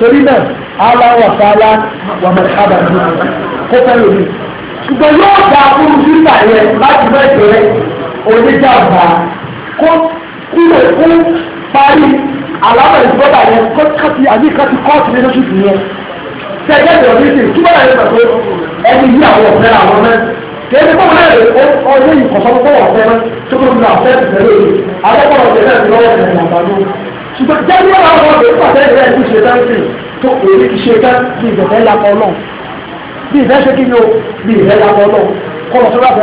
torí náà aláwọ̀ sálá wà mọ̀lábà ní kó fẹ́ lómi ṣùgbọ́n yóò gba fún sílà yẹn láti fẹ́ jẹ́ oníjàmbá kó kúrò fún parí aláwọ̀ ìgbọ́dà yẹn kó kàti àbí kàti kọ́ọ̀tù nínú ṣùgbọ́n yẹn tẹ́gẹ́ ìrọ̀lẹ́sìn túbọ̀ náà yẹn pẹ̀lú ẹni yí àwọn ọ̀fẹ́ àwọn mẹ́rin kéde kó wọn lè kó ọdún yìí kọ̀sọ́ kó wọ́n fẹ́ tó kó nà fẹ́ tẹ̀lé yìí alẹ́kọ̀ọ́ tẹ̀lé ẹ̀ lọ́wọ́ ẹ̀ nàbàdó ṣùgbọ́n jẹ́ni wọn àwọn ọ̀dọ́ pàtẹ́ ìrẹ́ ẹ̀ ti ṣe dáńtì tó èyí ti ṣe dáńtì bí ìbẹ̀fẹ́ lakọ náà bí ìfẹ́ ṣe kí ni o bí ìfẹ́ lakọ náà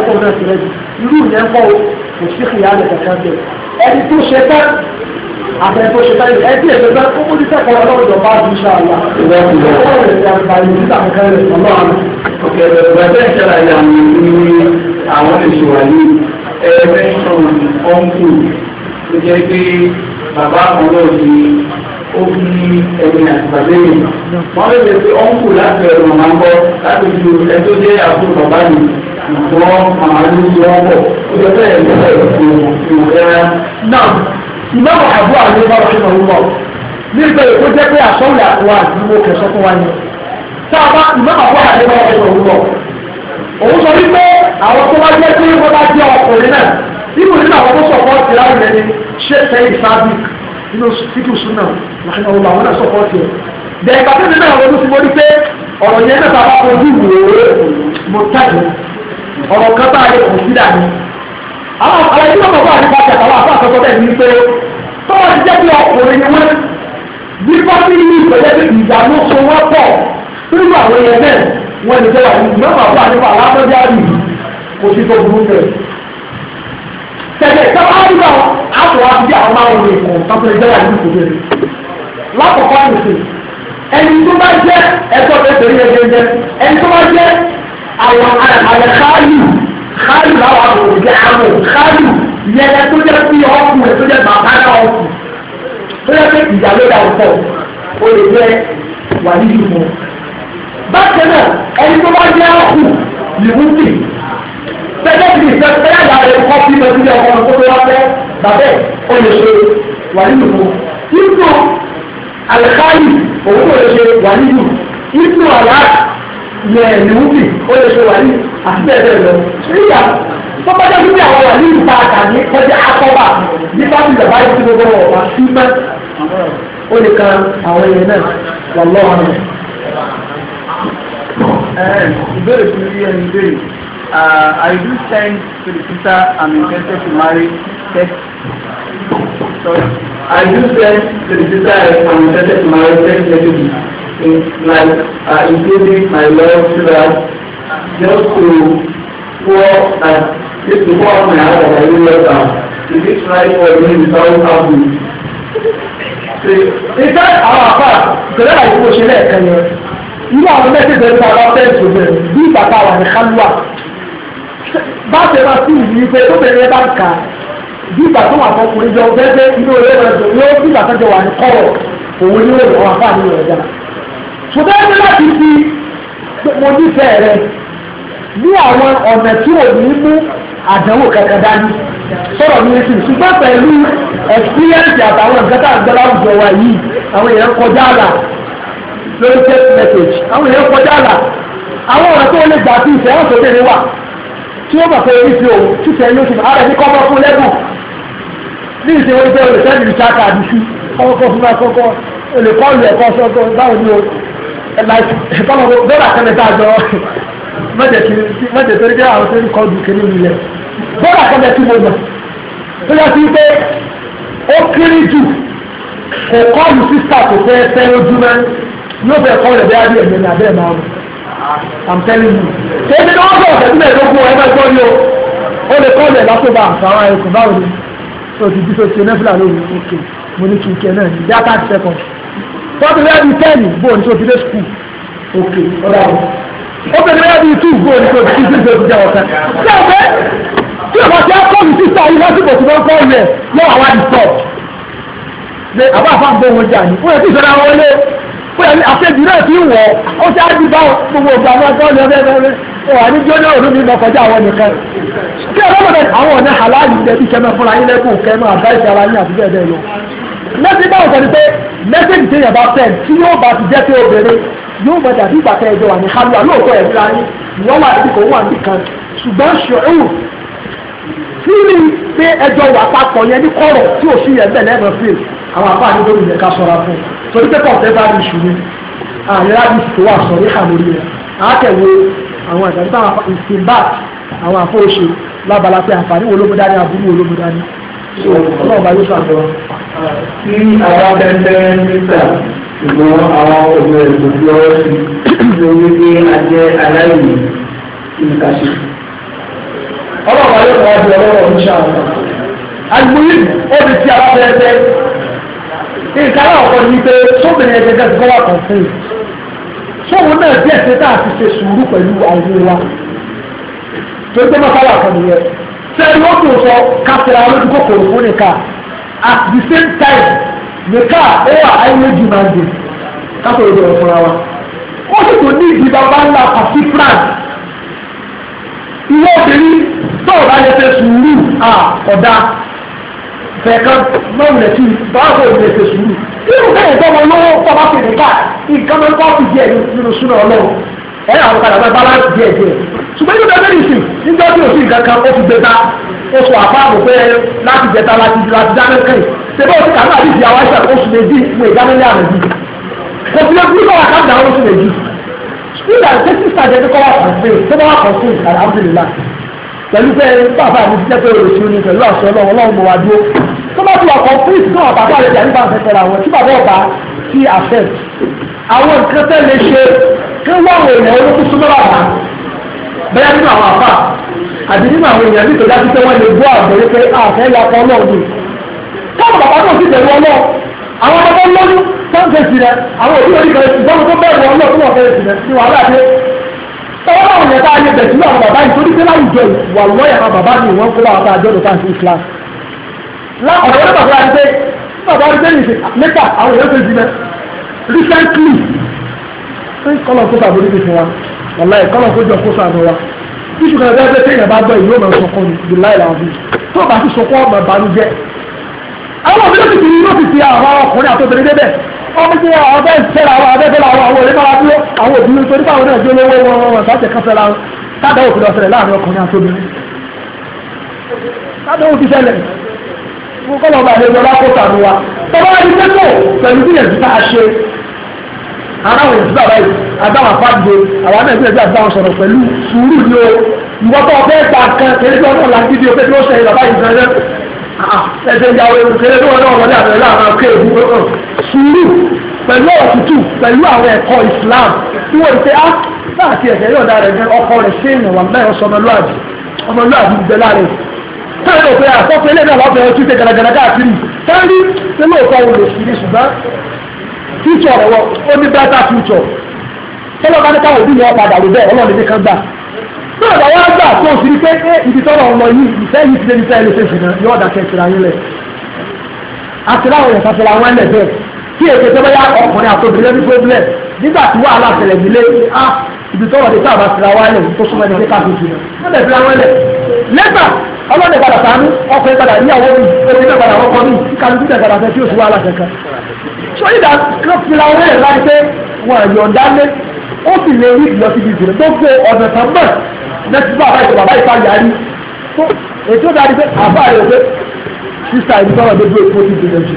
kọ́ lọ àtẹ̀tò ṣẹta ilẹ̀ ẹtí ẹ̀fẹ̀ bá kó mú nípa ẹ̀kọ́ ọlọ́run jọba àti iṣẹ́ àlá ọlọ́run ẹ̀sìn àgbà yìí níta kankan rẹ̀ ọlọ́run. ọ̀kẹ́ ẹ̀fẹ̀ ṣẹlẹ̀ ayé àwọn ìlú àwọn ìṣòwò ayé ẹ̀ẹ́fẹ́ sọ̀rọ̀ ọ̀nkù tó jẹ́ pé bàbá ọlọ́run ó fi ẹ̀yìn àtìgbàlẹ́yìn wọ́n lè lè fi ọ̀nkù láti ẹ̀rọ màmá ń bọ́ láti ju ẹ tó jẹ́ àbúrò bàbá yìí ìgbọ́ màmá ló ń yọ ọ́ bọ̀ ó jẹ́ bẹ́ẹ̀ ní ọ̀rọ̀ ìgbìmọ̀ ìgbìmọ̀ rẹ̀ náà ìmáàmù àbúrò àwọn ọmọ ọ̀ṣun ọ̀hún lọ nígbà èkó jẹ́ pé àsọ́wì àtúwà àdúgbò kẹsọ́ fún wa ni sáàbà ìmáàmù àbúrò àwọn ọmọ ọ̀ṣun ọ̀hún lọ òun sọ wípé àwọn tó bá jẹ́ pé wọ́n bá jẹ́ ọkùnrin náà ibùdó nínú àwọn tó sọ̀kọ́ ti láwùn ẹni ṣé sẹ́yìn sábìk nínú fíkù súnà làwọn ọmọ àwọn náà sọ̀kọ́ ti ẹ̀ bẹ̀rẹ̀ pàtó nínú àwọn tó ti mọ́ wípé ọ̀rọ̀ yẹn náà bá ojú ìwòye mo tàbí ọ̀rọ̀ kan bá a lè kọ̀ sí dàní. àwọn àlejò náà bọ̀ wá nípa tẹ̀kọ̀ wá fún àkọ́kọ́ bẹ́ẹ̀ ní pé tọ́wọ́ ti jẹ́ pé ọkùnrin ni wọ́n bí fásitì ní ìpẹ̀lẹ́ pé ìdààmú so wọ́n pọ̀ nínú àwọn èèyàn náà wọ́n lè jẹ́wà ní mẹ́fà fún àdébà alábọ́jà rì kò sí tó burú bẹ̀. tẹ̀lé sábà nígbà àtọ̀ àti bí àwọn máa ń rìn kàn sáfẹ́ jẹ́wà ní kò bẹ̀rẹ̀. lákòókò àyùsè ẹni tó bá jẹ́ ẹ̀tọ́ tẹ̀sẹ̀rí ẹ̀jẹ̀jẹ̀ ẹni tó bá jẹ́ àwọn àyàkáyù káyù láwọn àbòrò ìyẹn tó jẹ́ sí ọkùnrin tó jẹ́ bàbá náà ọkùn tó jẹ́ pé ìyá ló dà ọ̀pọ̀ o lè jẹ́ wà ní ìlú bákan náà ẹni tó bá jẹ́ ọkùn lìwú sí tẹ́lẹ̀ tí ìfẹ́ tẹ́lẹ̀ àgbàdo ẹ̀kọ́ bí mo ti jẹ́ ọkọ̀ tó tó wá fẹ́ bàbẹ́ o lè ṣe wà ní ìlú ipò àlẹ́káyì òun ò lè ṣe wà ní ìlú ipò àlá yẹ̀ lìwú sí o lè ṣe wà ní àti bẹ́ẹ̀ bẹ́ẹ̀ lọ tó bá jẹ́ wípé àwọn wà ní ìta àtàní kọjá akọ́bà ní bá ti dàbá yìí tí gbogbo wọn wà sí mẹ́ ó lè kan àwọn èèyàn náà wà lọ́wọ́ rẹ̀. ìbéèrè fún ilé ẹni béèrè I do send to the sister I'm interested to marry text. Sorry. I do send to the sister I'm interested to marry text messages in like uh, including my love to that just to for that If the poor man has a very well down, if it's right for him without having Ṣé àwọn àpá ìṣẹ̀lẹ̀ àti bó ṣe lẹ́ẹ̀kan yẹn? Irú àwọn mẹ́tẹ̀ẹ̀tẹ̀ ń bá fẹ́ẹ̀sì rẹ̀ bí bàbá wà ní Kálúwà. Bá ṣe máa sí ìlú wípé tó bẹ̀rẹ̀ bá ń kà á. Bí bàbá wà fọkùnrin jọ bẹ́ẹ̀ inú rẹ̀ rẹ̀ jọ yóò bí bàbá jọ wà ní kọ́rọ̀ òun ni ó rẹ̀ wọ́n àfáà nínú rẹ̀ dára. Ṣùgbọ́n ẹni láti fi mo ní àwọn ọ̀nà tí ò ní mú àdánwò kankan dání sọ̀rọ̀ ní etí ṣùgbọ́n pẹ̀lú ẹ̀sìpíríẹ́ǹsì àtàwọn nǹkan tá à ń gbọ́ láwùjọ wa yìí àwọn èèyàn kọjá àlà lórí text message àwọn èèyàn kọjá àlà àwọn ọ̀rọ̀ tó lè gbà sí ìfẹ́ hàn sókè ní wà tí ó bà pé orí fi òun títẹ̀ ní oṣù ààrẹ ní kọ́kọ́ fún lẹ́gùn ní ìṣe oúnjẹ olè sẹ́ni ìṣá káàdì sí kọ́kọ́ fún máa kọ́kọ́ olè kọ́ọ̀lù ẹ̀kọ́ sọ́kọ́ báwo ni o ẹ̀ka mẹ́jẹ̀ torí pé àwọn tó ń kọ́ ju kiri nílẹ̀ bọ́dà kọ́bẹ̀ tí mo mọ̀ tó yẹ kí pé ó kéré jù kò kọ́ ju sísà tó fẹ́ fẹ́ lójú mẹ́ yóò fẹ́ kọ́ rẹ̀ bí adé ẹ̀mí ni abẹ́ máa mọ̀ I'm telling you. ṣé ibi tí wọ́n sọ̀rọ̀ tẹ̀sí mẹ́ẹ̀ẹ́dógún ẹ bá gbọ́ ni o ó lè kọ́ rẹ̀ lásòbà àtàwọn ẹ̀kọ́ báwo ni o ti bí so ti nẹ́fìlà lóru òkè mo ní kí n kẹ náà ní bí a ká ti sẹ́kọ̀ọ́ tọ́tù rẹ̀ ní tẹ́ẹ̀nì bóun tí o ti sùkúù òkè ọ̀rọ̀ ó fẹ́ lẹ́yà bíi tú ìgbó ní kòtò tí ìgbó ti jẹ́ ọ̀sán. ṣé ọ̀fẹ́ tí ọ̀fà ti akọ́mi sísá yìí lásìkò tí wọ́n kọ́ ilẹ̀ lọ́wọ́ àwa di tọ̀. ṣe àbá àfáàgbọ́ wọn jà ní fúyẹ́ tí ìṣẹ́ra wọn lé fúyẹ́ ní àṣejù náà ti wọ̀ ó ti á di bá gbogbo ògbà àwọn nìkan kí ọlọ́mọdé àwọn ọ̀nà yóò mọ dàbí ìgbà tẹ ẹjọ wà ní halwa lóòótọ́ ẹ̀ fúnra yín ìwọ́n wà níbi kan wà níbi kan ṣùgbọ́n ṣòro fílì pé ẹjọ wà papọ̀ yẹn ní kọ̀rọ̀ tí ò sí yẹn bẹ́ẹ̀ lẹ́nu fíl àwọn àbá ní lórí yẹn ká sọra fún torí pé kọ̀ọ̀tẹ́ bá ní ìṣúni àyẹ̀rá ní ìsìnkú wà sọ̀rí hà lórí rẹ̀ àátẹ̀wé àwọn ìdájọ́ ìsìnbá àwọn àfọwọ́ṣe lábala pé àǹfààní wo ló mú dání àbúrú wo ló mú dání ọlọ́run bá yóò ṣàtọ́. tí àwọn abẹ́ńdẹ́ ń ṣùgbọ́n àwọn obìnrin ètò fi ọwọ́ sí lórí pé a jẹ́ aláìní nǹkan ṣe. ọlọ́run ayé kan ọdún ọlọ́run ń ṣàwọn. agbóyè ó di ti alábẹ́ẹ́bẹ́. nǹkan aláwọ̀ ni pé sóbìnrin ẹgbẹ́ gẹ́gẹ́ kọ́ wà kàn fún un. sóhun náà díẹ̀ ṣe tá a ti ṣe sùúrù pẹ̀lú àwọn wa. tó ń gbé mọ́sálà kan nìyẹn. sẹ́yìn ó tún sọ kásìrà lójú kòkòrò fún nìkan at the same time nìka ó wà ayélujú máa ń dè kátó ìdè ọ̀fúnra wa ó sì tún ní ìdí bàbá ńlá pàṣí plan ìwé obìnrin tó o bá yẹ fẹ́ sùúrù à ọ̀dà fẹ̀ẹ̀kan mọ́wùlẹ̀ tí báwo ìwé fẹ́ sùúrù irú bẹ́ẹ̀ tó wọn lówó tó bá fi nìka nǹkan máa ń kọ́ fi díẹ̀ nínú súnà ọlọ́run ẹ̀ àwọn padà máa balance díẹ̀ díẹ̀ ṣùgbọ́n nígbà bẹ́ẹ̀ nìsín nígbà tí òsì nǹkan kan ó fi gbẹta ó sọ àpá àbò pé láti gbẹta láti láti dáná kẹ́yìn sebe oṣù kàmá àti ìyàwó àṣà oṣù méjì fún ìdánilẹ́ àmì yìí kò fi lè gbúgbọ́ wa káàdà oṣù méjì nígbà tí sísá jẹ́ kọ́ wà kọ̀ọ̀fin sọ́dọ̀ wà kọ̀ọ̀fin alhamdulillah pẹ̀lú pé bàbá mi ti jẹ́pẹ́ oṣù ní pẹ̀lú àṣọ ọlọ́run ọlọ́run mo wá dúró tó bá ti wà kọ̀ọ̀fin náà bàbá rẹ̀ yàrá ìbáfẹ́ tẹ̀lé àwọn tí bàbá ọba ti àfẹ́ àwọn nǹkan tẹ́ lè ṣe kí wọ́n wọ èèyàn olókùn súnmọ́ bàbá bẹ́ẹ̀ nínú àwọn àfà àti nínú àwọn èèyàn nítorí àti pé wọ́n lè gbọ́ àgbẹ̀rẹ́ pé àfẹ́ yàtọ̀ ọlọ́run táwọn bàbá náà sì bẹ̀rù ọlọ́ àwọn ọmọ lọ́dún sáńtẹ̀ sí rẹ àwọn òbí orí kan ìdáwọ́ tó bẹ̀rù ọlọ́ tó wọ́n fẹ́ sí rẹ ní wàhálà dé tọwọ́ àwọn yẹn tá a yẹ bẹ̀ sí àwọn bàbá yìí torí pé láwùjọ ìwà lọ́yà àwọn bàbá mi wọ́n kó wà bá àjọ lọ́tà sí Islam láwọn ọ̀rẹ́ bàbá rí pé bàbá rí pé níta àwọn èèyàn fèsì rẹ recently kọ́lọ̀ kó sàbórí fi fún wa wàláyé kọ́lọ̀ kó jọ kó sàbó wa iṣu kan ẹgbẹ́ pé téèyàn bá gbọ́ ìlú ọmọ sọkọ ni jùlá ìlànà tó bá ti sọkọ ọmọ ìbànújẹ́ àwọn òbí lóṣìṣì ní lóṣìṣì àwọn ọkùnrin àtòbìnrin débẹ̀ wọ́n fi ṣe ọbẹ̀ ìṣẹ́ra àwọn abẹ́fẹ́ra àwọn àwọn òrìbára dúró àwọn òbí nítorí pàwọn náà jẹ́ olówó wọn wọn sáṣẹ kan fẹ́ra wọn tádà òfin ọ̀sẹ̀rẹ̀ láàrin ọkùnrin àtòbìnrin tádà òfin ṣẹlẹ̀ mo kọ́ lọ́ba àlejò lákòóta mi wa tọ́ba ẹni tẹ́kọ̀ pẹ̀lú gbìyànjú tá a ṣe aráwọ̀ ìdílé àbáyé adáwọ̀ àfáàgbé àwọn náà ìgbìyànjú àdáwọ̀ sọ̀rọ̀ pẹ̀lú sùúrù ni o ìwọ́tọ̀ ọ̀fẹ́ ìgbà kan kéré tí wọ́n náà lágídí o pé kí ó ṣe ìlàbáyé ìgbà rẹ̀ ẹsẹ̀ ìyàwó ìrùkẹ́lẹ́ tó wọn náà wọlé àbẹ̀rẹ̀ láàrin akẹ́ ìlú sùúrù pẹ̀lú òtútù pẹ̀lú àwọn ẹ̀kọ́ Islam tí wọ́n ti ah, á láti ẹ̀sẹ̀ yóò dára ẹ̀jẹ̀ ọkọ rẹ̀ sí ìrìn wà mẹ́rin sọ ọmọlúàbí ọmọlúàbí ìgbẹ́ láàrin táwọn òpin àkọ́kọ́ ilé náà lọ́bẹ̀ẹ́ ojú tẹ gàdàgàdà káàkiri táwọn ní lóòótọ́ wo lè fi ní ṣùgbọ́n fíjọ ọ̀rọ̀ wọn ó ní bẹ́tà fíjọ tọ́lọ́ bá ní káwọn òbí yẹn padà lò bẹ́ẹ̀ ọlọ́run ní kan gbà náà làwọn àgbà tó o sì rí pé ibi tọ́lọ̀ ọmọ yìí ìfẹ́ yìí ti débi sẹ́yìn lóṣèṣì náà yóò dàkẹ́ ìtura yín lẹ̀ àti láwọn èèyàn fàfẹ́ làwọn ẹlẹ̀ bẹ́ẹ̀ kí èké tó bẹ́yà ọkùnrin àtòbìnrin lẹ́nu problem nígbà tí wàhálà ṣẹlẹ̀ nílé a ibi tọ́lọ̀ dé táàbà tira wá lẹ̀ tó súnmọ́ ẹni ká tuntun náà lẹ́nu tira wọ́n lẹ̀ lẹ́gbà ọlọ́dẹ padà sànú ọkùnrin padà níyàwó mi obìnrin padà ọkọ mi kálukú tẹ̀ padà fẹ́ tí oṣù wàhálà kankan so ìdá ló fira wọ́n lẹ̀ láti pé wọ́n àyọ̀ndálé ó sì lè rí ìlọsibí ìdìrẹ́ tó gbé ọ̀nà tán bẹ́ẹ̀ lẹ́tí bàbá ìtọ́ bàbá ìtọ́ yàrí ètò dáadé pé àbá rẹ̀ pé sísá ìlú sọ̀rọ̀ lójú èkó ti dèrè jù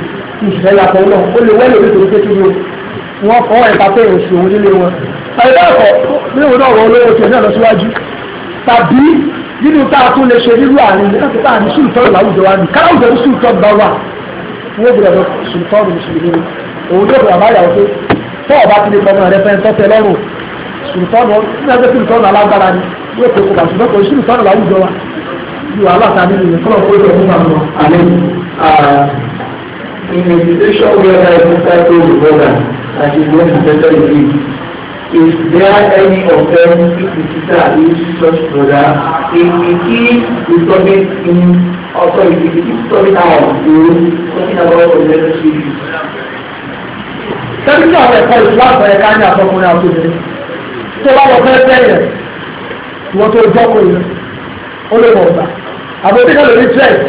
ìṣẹ́ yàtọ̀ náà ó lè wẹ́lẹ̀ orí tòun kékeré wọn kọ́ ẹ̀ka pé òṣù òun nílé wọn. àìbẹ́ẹ̀kọ́ nínú náà wọ́n olówó tiẹ̀ náà lọ síwájú tàbí nínú tá a tún lè ṣe nírú àárín ilé láti táà ní sùlùtọ́ọ̀nù láwùjọ wa ní káláwùjọ ní sùlùtọ́ọ̀nù bá wà wọ́n gbọ́dọ̀ lọ sùlùtọ́ọ̀nù mùsùlùmí òun yóò gbọ́dọ̀ bá yàwó pé tọ́ọ̀ bá ti lè fọmọ rẹ fẹ́ tọ́tẹ lọ́rùn sùlùtọ́ọ̀nù alágbára ni yóò tó kọba ṣùgbọ́n kò ṣírí sọ́nà láwùjọ wa ju aláta nínú ìyẹn kọ́lọ̀ kó lè fún àwọn àlẹ́ in meditation where I prefer to be brother as you go to better degree is there any offense if the sister is such brother if he keep resolving in or sorry if he keep solving out to talking about relationship issues. sẹ́yìn tí àwọn ẹ̀kọ́ ìṣúná àgbẹ̀ká ní àtọkùnrin àti obìnrin tó bá lọ fẹ́ fẹ́ yẹn ìwọ́n tó jọ́kọ̀ yẹn ó lè mọ̀ ọ̀gbà àbí oníkà lórí trẹ́ẹ̀t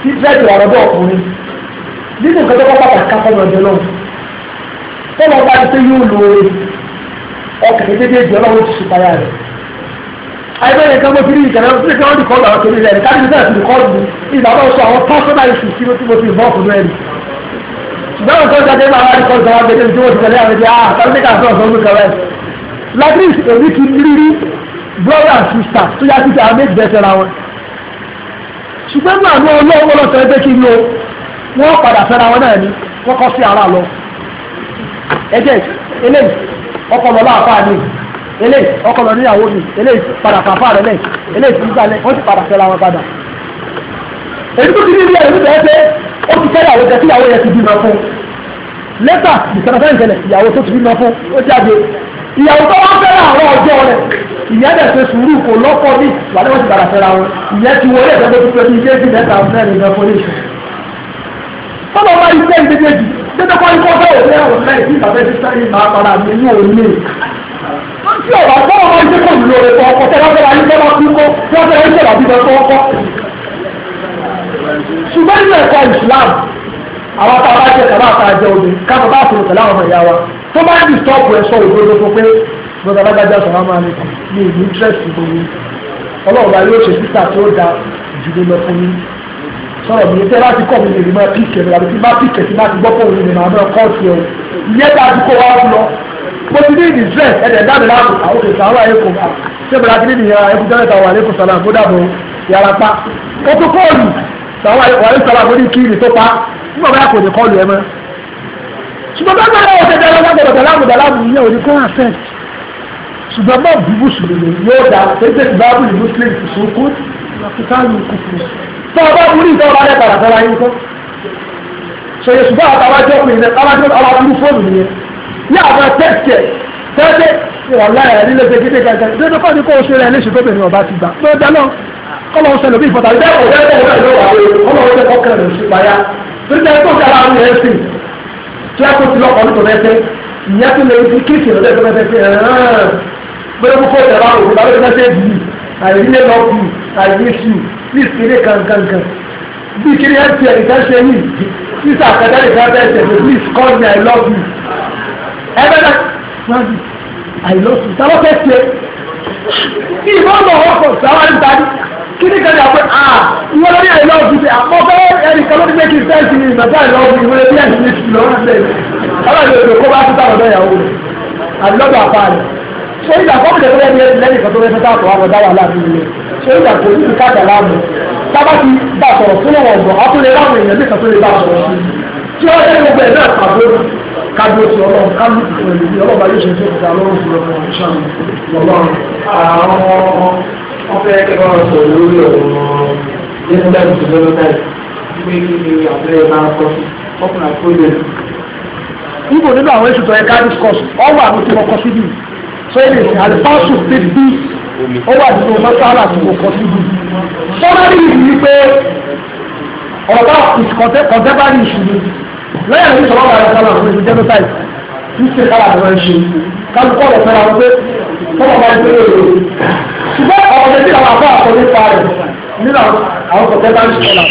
tí trẹ́ẹ̀t wà lọ́dọ̀ ọkùnrin nínú nǹkan tó kọ́ pàtàkì káfọ́nù ọ̀jẹ̀ náà tó lọ bá ti yóò lo ọkùnrin dédé ìjọ náà ó ti ṣùpáyà rẹ̀ àìbẹ̀rẹ̀ nǹkan mo ti rí ìkànnì ọ̀hún tí wọ́n ti kọ́ọ̀lù àwọn torí rẹ̀ ní káàdì náà ti kọ́ọ̀lù ìgbà wọn sọ àwọn pásọ́nà issues. sí tí mo ti involve fún rẹ̀ ṣùgbọ́n nǹkan jáde máa wá ní kọ́ọ̀lù àwọn gbẹdẹ tí wọ́n ti tẹ̀lé àwọn ẹgbẹ́ ah tàbí ká sọ̀rọ̀ sọ́ọ́ brother and sister tó yá títí àwọn méjì bẹ́ẹ̀ fẹ́ra wọn ṣùgbọ́n ní àwọn olóòwò lọ́sẹ̀ ẹgbẹ́ kí n lo wọ́n padà fẹ́ra wọn náà ni wọ́n kọ́ sí ara lọ ẹgbẹ́ eléyìí ọkọ̀ lọ́lá àfáà ni eléyìí ọkọ̀ lọ níyàwó mi eléyìí padà fàfà rẹ̀ lẹ̀ eléyìí ti gbalẹ̀ wọ́n ti padà fẹ́ra wọn padà èyí tó ti ní ilé ẹ̀rú bẹ́ẹ̀ pé ó ti kẹ́rẹ́ àwọn ìjẹ́ tíyàwó yẹn ti bímọ fún lẹ́tà ìkànnì fẹ́ǹtẹ̀lẹ̀ ìyàwó tó ti bímọ fún ó jáde ìyàwó tó wá fẹ́ràn àwọn ọjọ́ rẹ̀ ìyá dẹ̀ ṣe sùúrù kò lọ́kọ́ bí wà ní wọ́n ti bàrà fẹ́ra wọn ìyá ti wọlé ẹ̀dọ́ tó ti pẹ́ bí ilé ìdí mẹ́ta mẹ́rin ní ọkọ̀ léṣe. tọ́lọ́ bá ilé ìdí méjì dédé kọ́ ikọ́ bẹ́ẹ̀ òun náà òun náà ìdí ìbàbẹ́ ti sáré máa para mi ní òun ní. tí ọ̀rọ̀ àgbọ̀ ọmọ ilé kò lò rẹ̀ ọkọ̀ tẹ́lá àwọn tá a bá jẹ kàbá àtàjẹ obìnrin ká bàbá àtòlùtẹ̀lá ọmọ ìyá wa tó bá ń dìstọ́ọ̀pù ẹ̀ sọ òdodo fún pé lọ́dọ̀ alágbájá sọ̀rọ̀ máa ní ní ìlú interest gbogbo ọlọ́run bá yóò ṣe títà tí ó da ìdílé lọ fún yín sọ̀rọ̀ mi tẹ́ láti kọ́ mi lè rí máa píkẹ̀ mi àbí tí bá píkẹ̀ tí bá ti gbọ́ pòun lè máa náà kọ́ sí ẹ ìyẹn bá ti kó wa lọ mo ti ní ìdí stress ẹ̀dẹ̀ dáàbò láàbò àwọn òṣèlú àwọn ẹ̀kọ́ ṣé bẹ̀rẹ̀ àti nídìí yàrá ẹ̀kú jẹ́rẹ̀ta wà lẹ́kọ̀ọ́ sọ̀rọ̀ àgbo dàbò yàrá pa ó tún kọ́ọ̀lù sọ̀rọ̀ àgbo sọ̀rọ̀ àgbo ní kí ni tó pa nígbà bá kò ní kọ́ọ̀lù ẹ mọ́ ṣùgbọ́n bá bá ọ̀sẹ̀ dáná lágbàdo dáná lágbàdo lágbàdo yẹn ò ní kó àfẹ́ẹ̀tì ṣùgbọ́n mọ́ bí mùsùlùmí yóò dá tẹ́tẹ́ tí bá bùrì muslim kò sún kú láfíkánù kùkù tó ọba burú ìtọ́ ọba lẹ́tàrà fọ́ra yín kọ́ ṣòye ṣùgbọ́n àtàwájọ́ ọkùnrin náà táwájọ́ ọba burú fóònù nìyẹn ní àwọn tẹ́tẹ́ tẹ́tẹ́ ìwàlá ẹ̀ nílé ṣe kéde kankan ṣé tó kọ́ ni kó o ṣe rẹ̀ léṣe tó bẹ̀rẹ̀ ọba ti gbà ló dá náà kọ́lọ́ ṣe lòbí ìfọ̀tà ìdá ọ̀rẹ́ ẹ̀rọ ẹ̀rọ ọ̀rọ̀ ọ̀rẹ́ ọ̀kẹ́ rẹ̀ ṣe payá títí ẹ̀kọ́ ti ara rẹ̀ ṣe tí a kò ti lọ́kọ̀ọ́ nítorí ẹ̀ṣẹ̀ ìyẹn tó lè fi kéèkì lọ́dẹ̀ tó fẹ́ fẹ́ bẹ́ẹ̀ mú kó tẹ̀lé àwọn òkúta lórí mẹ́sẹ̀ẹ́jì yìí àìríyé lọ kù àìríṣù ní ìpínlẹ̀ kankankan bí kiri ẹ̀ǹtì ẹ̀ǹtì ṣe yìí sísà àkàtà ìfẹ́ bẹ́ẹ̀ tẹ̀lé please call me i love you ẹgbẹ́ náà rántí i love you táwọn fẹ́ tiẹ̀ kí ni wọ́n lọ wọ́pọ̀ sáwọn ń tani kí ni kẹ́lẹ́ àpẹ́ à ìwọ́n lórí i love you àpọ̀ bẹ́ẹ̀ ẹnì kan lórí méjì fẹ́ẹ́ sí ni màtá i love you ìwọ́n lórí ẹ̀ǹtì méjì lọ́wọ́ ṣé ìgbà kọ́kùnrin tó lẹ́nu ẹ̀sìn lẹ́nu ìfọ́tọ́ rẹ̀ fẹ́ta àwọn ọ̀dá wà láàrin ilé ṣé ìgbà kò ní káàtà láàmú tábà ti bá sọ̀rọ̀ fún ọ̀wọ̀ ọ̀gbọ̀n ọ̀túnlẹ̀ láwọn èèyàn nípa tó lè bá sọ̀rọ̀ sí i tí ó yẹ gbogbo ẹ̀ náà pàbó kájú oṣù ọlọ́run kájú oṣù ẹ̀lú ọlọ́ba yóò ṣe fún ìta lọ́rùn fún ọmọ ìṣàmì ọlọ́run àwọn ọ̀fẹ́ kẹfọ́n sọ lórí ọ̀rọ̀ yẹ́nìdá ìṣòro náà gbé kí ni àbẹ́rẹ́ máa kọ́ sí ọkùnrin àkóyè. níbo nínú àwọn ètùtù ẹ̀ka discourse ọ̀wọ́ àwọn tí wọ́n kọ síbi yìí training àlùfáàsù fífi ó wà nínú mọ́sálà tí kò kọ́ síbi sọ́mọ́rì yìí ni pé ọ̀gá contemporary ìṣúni lẹ́yìn àti ìṣọ̀rọ̀ àwọn ọ̀gá àwọn ìṣúni genocide tí ṣe kára àwọn ìṣe kálukọ́ ọ̀rọ̀ fẹ́ra wọn pé tọ́wọ́ bá ń gbé èrò ṣùgbọ́n ọ̀rọ̀ tí àwọn àbá àkọlé pa rẹ̀ nínú àwọn contemporary ìṣúni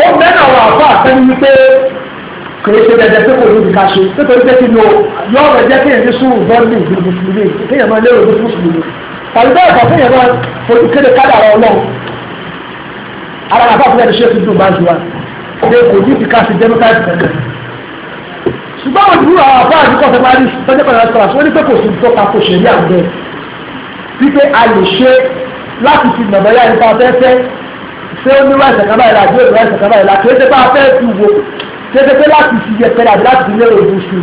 ó mẹ́rin àwọn àbá àtẹ́ni wípé kìí ṣe dandan pé kò ní ìdíkà ṣe nítorí pé kí ni o yọ ọ̀rọ̀ jẹ́ kéèyàn ní sùúrù bọ́ọ̀lù ìlú mùsùlùmí kéèyàn máa lérò ní mùsùlùmí tàbí bẹ́ẹ̀ bá kéèyàn máa fojú kéde kádàrá ọlọ́run ara àbá fúnra ẹni ṣe fi dùn máa ju wa ṣe kò ní ìdíkà ṣe jẹ́ nípa ìtàn ṣùgbọ́n àwọn ìdúró àwọn àbá àdúgbò ọ̀sẹ̀ máa rí sọ́jọ́ pẹ̀lú àti kọ́lá wọ́n ní pé kò sí tó ta kò ṣe rí àgbẹ̀ wípé a lè ṣe láti fi nàbọ̀yá nípa afẹ́fẹ́ ṣé ó ní wáìsàn kan báyìí la àbí òní wáìsàn kan báyìí la kì í ṣe bá afẹ́ fi tẹ́tẹ́tẹ́ láti fi yẹpẹrẹ àti láti fi lérò ojú sí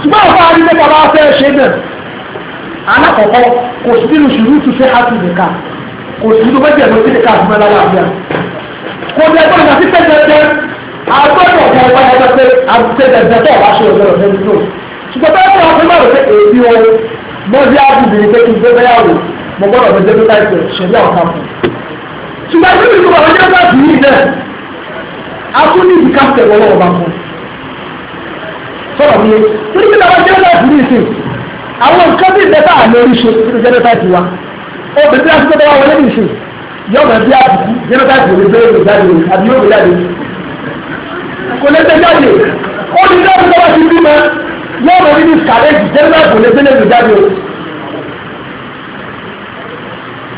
ṣùgbọ́n àwọn àrí mẹ́ta bá fẹ́ ṣe náà alákọ̀ọ́kọ́ kò sí nínú ṣùgbọ́n tún fẹ́ àti nìka kò sí nínú mẹ́jẹ̀ ló ti nìka àtúmọ̀ lára àbíà kò ní ẹgbẹ́ ìgbà sí tẹ́tẹ́tẹ́ agbọ́dọ̀ kan wá ẹgbẹ́ pé àtẹ́tẹ́tẹ́ tó wá ṣe ọ̀dọ́ rẹ̀ nínú ṣùgbọ́n bẹ́ẹ̀ tó wá fẹ́ máa rò pé èyí o mọ́bí ábùdì ni pé kí n gbé bẹ́yà wò mo gbọ́dọ̀ fi dé a tún ní ìdíkà tẹ̀wọ́ lọ́wọ́ bá fún sọ̀rọ̀ mi torí pé bàbá jẹ́ láti ní ìsìn àwọn nǹkan bí ìdẹ́ta àmì oríṣi nínú jẹ́nẹ́tàìtì wa obìnrin tí a ti tẹ́ bá wọlé ní ìsìn yọ̀ọ̀mọ̀ bí àbùkù jẹ́nẹ́tàìtì òwe bẹ́ẹ̀ lè jáde àbí yóò jáde kò lè tẹ́ jáde ó ní dáàbò tó bá ti bí mọ́ yọ̀ọ̀mọ̀ bí ní kàlẹ́jì jẹ́nẹ́tàìtì òwe bẹ́ẹ̀ lè jáde o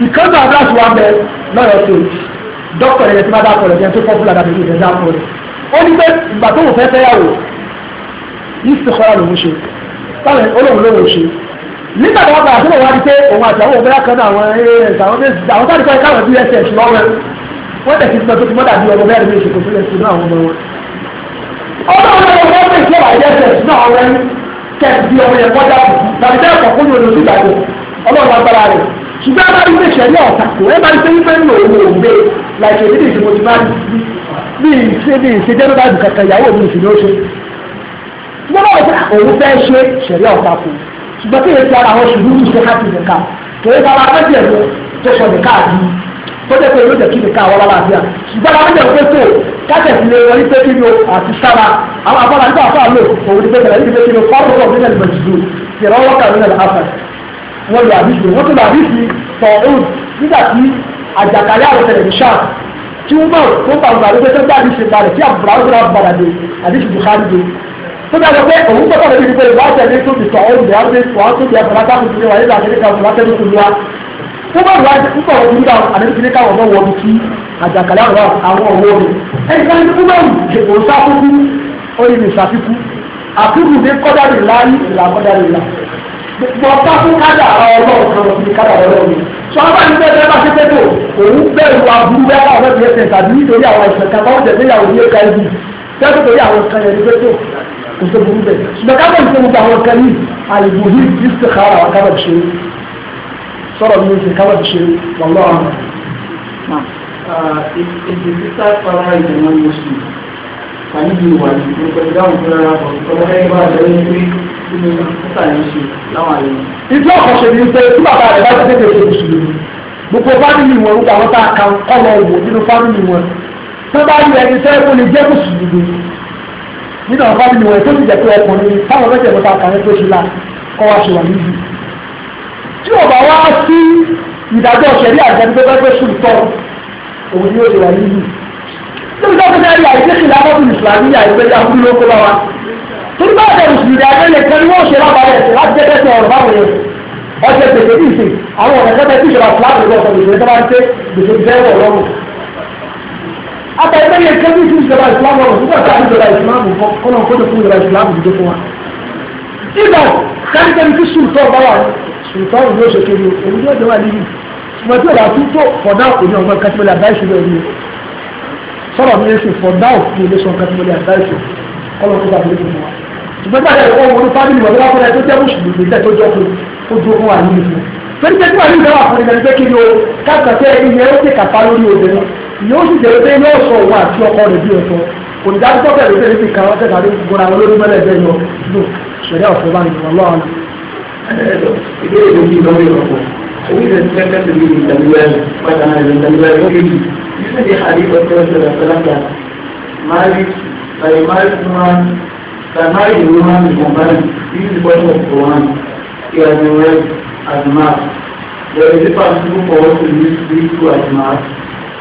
ìkànnì àdáṣe wa bẹ lọ́yọ̀ọ́ dókítà rẹ̀ tí bá dákọ̀ rẹ̀ jẹ́ tó pọ́pùlà dàbí ìjẹ́ dákọ̀ rẹ̀ ó ní pé ìgbà tó wù fẹ́ fẹ́yàwó yìí sì kọ́ra lòun ṣe táwọn olóhùn lòun ṣe nígbà tó wọ́n gbà sílẹ̀ wá di pé òun àti àwọn òbẹ́yà kan àwọn as àwọn bẹ́ẹ̀ àwọn sáré kọ́ káwọn dss lọ́wọ́ wọ́n tẹ̀sí sọ tó ti mọ́tà bí ọmọ bẹ́ẹ̀ méjì kò sílẹ̀ sí àwọn ọmọ wọn. ọlọ́run náà wọ́n fẹ́ ìṣe àwọn dss náà wọ́n kẹ́ẹ̀sì bí ọmọ yẹn kọjá tàbí bẹ́ẹ̀ kọ̀ọ̀kú ni olùsí ìgbàgbọ́ ọlọ́run agbára rẹ̀ ṣùgbọ́n bá pé ṣẹ̀rí ọ̀tà kò ẹ bá rí pé wípé ní òun ò gbé láìpẹ́ nídìí tí bá rí bí ṣe jẹ́ bá kankan ìyàwó mi sì ní ṣe. wọ́n bá wọ́n òun fẹ́ ṣe ṣẹ̀rí ọ̀tà kò ṣùgbọ́n kí èsì ara àwọn ṣùgbọ́n tó ṣe káàkiri nìkan kòwé bàbá méjì ẹ̀rọ tó sọ nìkan àbí tó jẹ́ pé èmi jẹ́ kí nìkan àwọn bàbá àbíyà ṣùgbọ́n àwọn méjì ẹ̀rọ tó kájẹ̀sì lè wọlé pé kí ni àti sára àwọn àbára nígbà fún àlò òun ní pé kẹlẹ́ ní pé kí ni fọ́ọ̀rù wọ́n lè àdìsí wọ́n tún lè àdìsí tọ̀hún nígbà tí àjàkálẹ̀ àrùn tẹlifíṣàn tí wọ́n máa tó bá gbà wípé tó bá àdìsí balẹ̀ tí àbúrò àwọn àbúrò dé àdìsí dé tó bá gbọ́ pé òun tó tọ̀lé níbi pé ìwà àtẹ̀lé tó ti tọ̀hún ìdè àwọn tó ti tó ti wà nígbà tó ti wà tó wọn nígbà àdìsí káwọn náà bọ̀ọ̀ká fún kádà ọlọ́run kan lọ sí kádà ọlọ́run mi. sọ abá ní bẹ́ẹ̀ bá ṣe tẹ́tò òun bẹ̀rù aburú bẹ́ẹ̀ bá ọ̀rẹ́ mi ẹ̀sẹ̀ tàbí nítorí àwọn ẹ̀sẹ̀ kan báwọn jẹ̀ níyàwó ní ẹ̀ka ibi tẹ́tò torí àwọn kan yẹn ní tẹ́tò kò tó burú bẹ̀. ṣùgbọ́n ká bẹ̀rù sẹ́mu gba àwọn kan yìí àyùbò yìí ti ṣe kára àwọn kábà ti ṣe sọ̀rọ̀ mi ṣe kábà ṣe wàlọ́ àwọn. ìdìbò ìjọ ọ̀kọ̀ṣe ni pé tí bàbá rẹ̀ bá ti tètè ṣe mùsùlùmí gbogbo fámìlì wọn ó dàwọn tá a kan ọlọ òwò nínú fámìlì wọn tó bá rí ẹni tẹ́ ó lè jẹ́ mùsùlùmí nínú àwọn fámìlì wọn tó ti jẹ́ pé ọkùnrin táwọn mẹ́jẹ̀ mọ́ta kan tó ṣe la kọ́ wá ṣe wà níbi. tí ò bá wá sí ìdájọ́ ṣẹ̀rí àjẹmí tó fẹ́ sùn tọ́ òun ni ó ṣe wà níbi. níbi tó ti torí bá ẹ̀rọ ìsìnkú àgbẹ̀lẹ̀ kan ni wọ́n ṣe lábàárẹ̀ ẹ̀sẹ̀ láti jẹ́ tẹ́sẹ̀ ọ̀rọ̀ báwọn yẹn ọjọ́ pèsè bí ìsìn àwọn ọ̀nà kẹta tí ìṣọ̀rọ̀ fúláàbù lọ sọ̀rọ̀ ìṣẹ̀lẹ̀ sábà ń pé gbèsè ìfẹ́ wọ̀ lọ́rùn. àtẹ̀gbẹ́ yẹn kẹ́bí sí ìṣọ̀rọ̀ ìsìlámù ọ̀rọ̀ nígbà tí àwọn ìṣọ̀rọ̀ ìsìlámù fọ́ kọ́nà kó tó fún ìṣọ̀rọ̀ ìsìlámù dìde fún wa. ibà kárìkẹ́ni tí sùrùtọ́ bá wà sùrùtọ́ òun ló ṣe kiri òun yóò dé wà níbi ṣùgbọ́n tí ọ̀rọ̀ àtúntò fọ̀dá òní ọ̀gbọ́n kátìmọ́lẹ̀ àdáìsù lọ rí sọ̀rọ̀ mi lè ṣe fọ̀dá òfin ilé sọ̀rọ̀ kátìmọ́lẹ̀ àdáìsù kọ́lọ́ kó bá mi lè fún wa ṣùgbọ́n gbàdá ìwọ wọn ní fábìlì wọn lọ́wọ́ fúnra ẹ tó jẹ́ mùsùlùmí tẹ́ tó jọ fún ó dúró fún wa ní ìlú torí pé níwájú ìdáwà fún ìgbà nígbà kí ni o káàkiri pé ìyẹn ó ti kàpá lórí obìnrin ìyẹn ó sì jẹ́ pé yóò sọ òun àti ọkọ rẹ̀ bí ọ̀tọ̀ olùdájọ́ bẹ̀rẹ̀ pé níbi kan wọ́n tẹ̀sán gbọ́ra wọn lórí mẹ́lẹ̀ bẹ́ẹ̀ yọ lò ṣẹ̀dá ọ̀fẹ́ bá nìyẹn ọlọ́run. ìbéèrè mi bí lọ́wọ́ ìrọ̀pọ̀ owó ìrẹsì pẹ́pẹ́ tó ní ìdàlúwẹ̀rẹ̀ pàtàkì ìdàlúwẹ̀rẹ̀ ó kéjì yíṣẹ́ ti àdé ọ̀tẹ̀ ọ̀tẹ̀ ọ̀tẹ̀ láti that married a woman is combined using the bottom of the Quran has been as mass is a possible for us to use these two as mass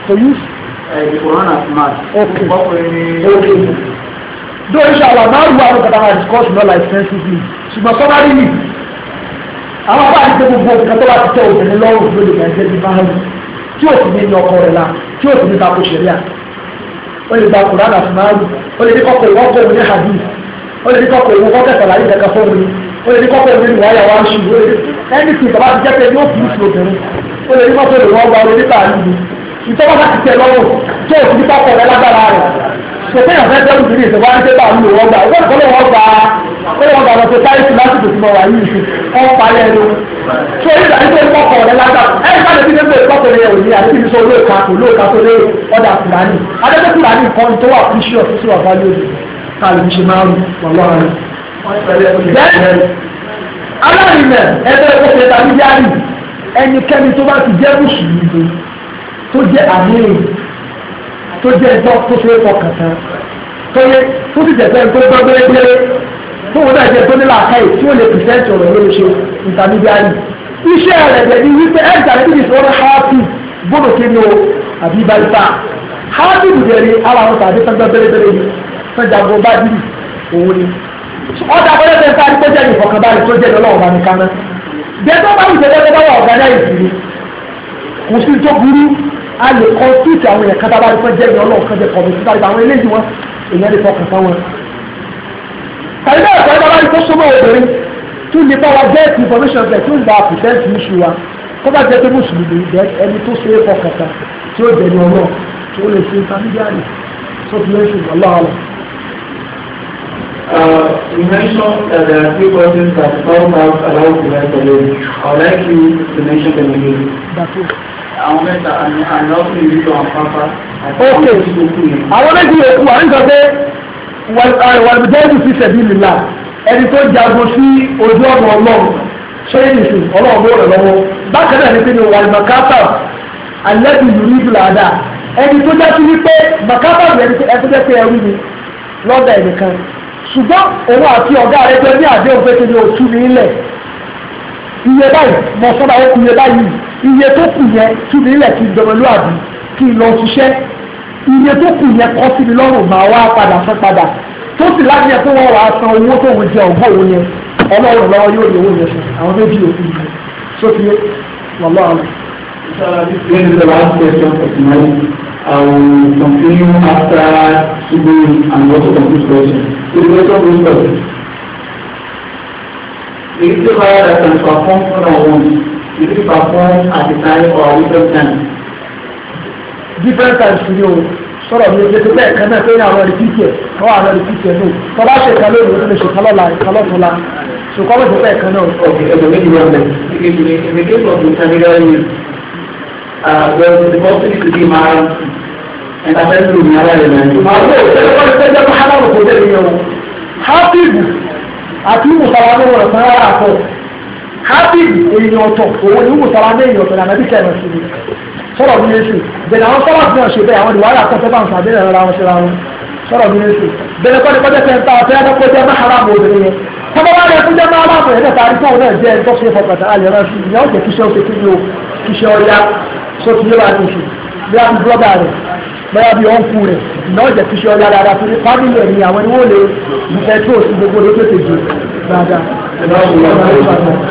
to use the Quran as mass okay okay though you are looking at our discussion not like sensibly ṣùgbọ́n sọ́mọ́rì mi àwọn bá ti tẹ gbogbo nǹkan tó bá ti tẹ òbí lọ́rùn lórí ẹ̀jẹ̀ bí báyìí tí ò sì ní ní ọkọ rẹ̀ la tí ò sì ní takò ṣẹlẹ̀ à ó lè gba kùránà fún náà ó lè ní kọ́kọ́ ìwọ́kọ̀ òun ní ó lè ní kọ́kọ́ ìwọ kọ́kẹ́ sàlàyé ìjẹ̀ka fún mi ó lè ní kọ́kọ́ ìwé ìwà ayà wa ń ṣù ó lè ní ẹni tí ìjọba ti jẹ́ pé yóò fún ìṣù obìnrin ó lè ní kọ́kọ́ ìwọ ọgbà orí nípa àlùbí ìtọ́wọ́ láti tẹ lọ́rùn tó o ti ní pápọ̀ rẹ lágbára rẹ̀ ṣètò ìyànfẹ́ tẹ́lú ìdílé ìṣẹ̀wá ń tẹ́lá àlù ìwọ gbà ìwọ ìkọ́lẹ̀ wọn gbà kọ́lẹ̀ wọn gbà lọ sí táyìsì lásìkò tí mo wà yìí sí ọ́n palẹ̀ ẹnu tó o yíyà nípa ìpọ́kọ̀ rẹ lágbára ẹ̀ ká lè fi nípa ìpọ́kọ̀ rẹ òní àti ìbísọ olóòka olóòka tó lé ọ̀dà kùránì adẹ́gbẹ́ kùránì kan tó wà fún ṣíọ̀ tó sì wà fáyé òní káàlù ṣe máa ń wọ̀lọ́ rẹ̀. alárinà ẹgbẹ́ òkè tàbí yárì ẹnikẹ́ni tó bá ti jẹ́ mùsùlùmí tó jẹ́ àmúrò tó jẹ́ ìjọ tó ṣe é fọkàn tán tó yẹ tó ti tẹ̀sẹ̀ tó gbọ́ gbẹ́rẹ́gbẹ́rẹ́ tó wọ́n náà jẹ́ tó nílò àkáyè tí ó lè pìsẹ́ǹtì ọ̀rọ̀ ló ṣe ìtàmídíárì iṣẹ́ rẹ̀ bẹ̀ ni wípé ẹ̀ǹtà rẹ̀ níbi ìṣòro hápì gbọ́dọ̀ kí ni o àbí bá ń ta hápì bùdẹ̀rẹ̀ ara wọn tàbí sọ́jọ́ bẹ́rẹ́bẹ́rẹ́ yìí tó jagun bá dìrì òun ni ọ̀dà abẹ́rẹ́ fẹ́ sáré tó jẹ́ ìfọ̀kànbalẹ̀ tó jẹ́ lọ́wọ́ bá mi kaná bẹ́ẹ̀ tó bá wùsẹ̀ tó bá wà ọ̀gá ìdílé kò sí tó burú a lè kọ́ síìtì àwọn èèyàn kátà bá rí fẹ́ jẹ́ ìyọ́ lọ́wọ́ kan jẹ́ kọ̀ọ̀mù sí sáré àwọn eléyìí wọn èèyàn lè fọkàn sá wọn. tàbí bẹ́ẹ̀ sọ ìbára tó súnmọ́ obìnrin tó lè bá wa get information bẹ̀ tó ń gba present issue wa tó bá jẹ́ pé mùsùlùmí bẹ́ ẹni tó ṣe é fọkàn sá tí ó jẹ́ ìyọ́ náà Uh, you mentioned that there are few persons that all have allowed to rent alone. I would like you to mention them again. Okay. mẹ́ta àná fún ìlú tó àwọn pápá àti àwọn méjì òkú yẹn. Àwọn méjì òkú à ń sọ pé wàlùbẹ́ẹ̀lù fi ṣẹ̀bí lìlà ẹni tó jagun sí ojú ọ̀nà ọlọ́run ṣẹ́yìn ìṣù ọlọ́run ló rẹ̀ lọ́wọ́. Bákan náà ni pé ni wàlùmọ̀kápà alẹ́bí ìlú ní ìlú àdá ẹni tó jẹ́ sí wípé mọ̀kápà ẹni tó jẹ́ sí ẹrú ni lọ́dà ẹnìkan ṣùgbọ́n òun àti ọ̀gá rẹ jẹ́ ní àdéhùn pé kí ni òtún mi lẹ̀ iye báyìí mo sọ́dọ̀ ó kù iye báyìí iye tó kù yẹn tú mi lẹ̀ kí n dọ̀mọ̀lú àbí kí n lọ ṣiṣẹ́ iye tó kù yẹn kọ́ sí mi lọ́rùn máa wá padà fẹ́ padà tó sì láti yẹ kó wọ́n wàá san owó tó ń jẹ ọ̀gbọ́n òun yẹn ọlọ́run lọ́wọ́ yóò yẹ owó yẹn fún àwọn méjì òfin yẹn sófin wàlọ́ continue after Ibrahim and also complete questions ìgbésọ̀ tó ń bọ̀. Èyí tó bá yára kan fà fún fúnra wọn, èyí fà fún àtìkárí ọ̀rọ̀ wíjọ́ náà. Different times ni o sọ̀rọ̀ mi ojú pé ẹ̀kan náà pé àwọn ẹ̀rí títì ẹ̀ kọ́ àwọn ẹ̀rí títì ẹ̀ náà. Tọ́ bá ṣe kan lónìí, ó lè ṣe kan lọ́la, ìkan lọ́tún la. Ṣùkọ́ bó ti pẹ́ ẹ̀kan náà. Ọ̀gbìn ẹ̀dọ̀ méjì wọn bẹ̀. Ìgbésùn ni ìgbésùn ọ̀gbìn sanigari ni. Àgbẹ̀ ọ̀gbìn ẹ̀ka fẹ́ lù ní ara rẹ̀ lẹ́yìn. màá lò ó ṣẹlẹ̀ kọ́ ṣẹ́ jẹ́ pàhálà òkú jẹ́ ìyẹn o. hápìbù àti mùsàlá ló wọ̀rọ̀ fún ara àtọ̀ hápìbù èèyàn ọ̀tọ̀ òun ni mùsàlá ní èèyàn ọ̀tọ̀ lànà bí kẹrin sí i sọ̀rọ̀ bí yéṣu bẹ̀rẹ̀ àwọn sọ́wọ́ ti náà ṣe bẹ́ẹ̀ àwọn ìwádìí àkọ́ṣẹ́ bá ń sàbẹ̀ rẹ̀ ra wọn ṣe ra wọn sọ̀rọ̀ bí yéṣu bẹ̀rẹ̀ kọ́ni kọ́jẹ́ fẹ́ ta ọ̀tẹ́ ẹ̀dọ́kọ́ jẹ́ máa haram obìnrin yẹn tọ́gbọ́n ni o kíṣẹ́ bẹ́ẹ̀ bí ọ̀nkù rẹ̀ náà jẹ́ kíṣẹ́ ọ̀la dáadáa torí fámìlì ẹ̀ ni àwọn ẹni wọ́n lè ìfẹ́ tó sí gbogbo ló tètè dé dáadáa.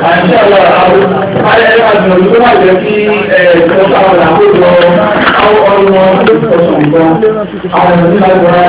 Àìsíọ̀lá àwọn ayẹyẹ àgbọ̀n ló wà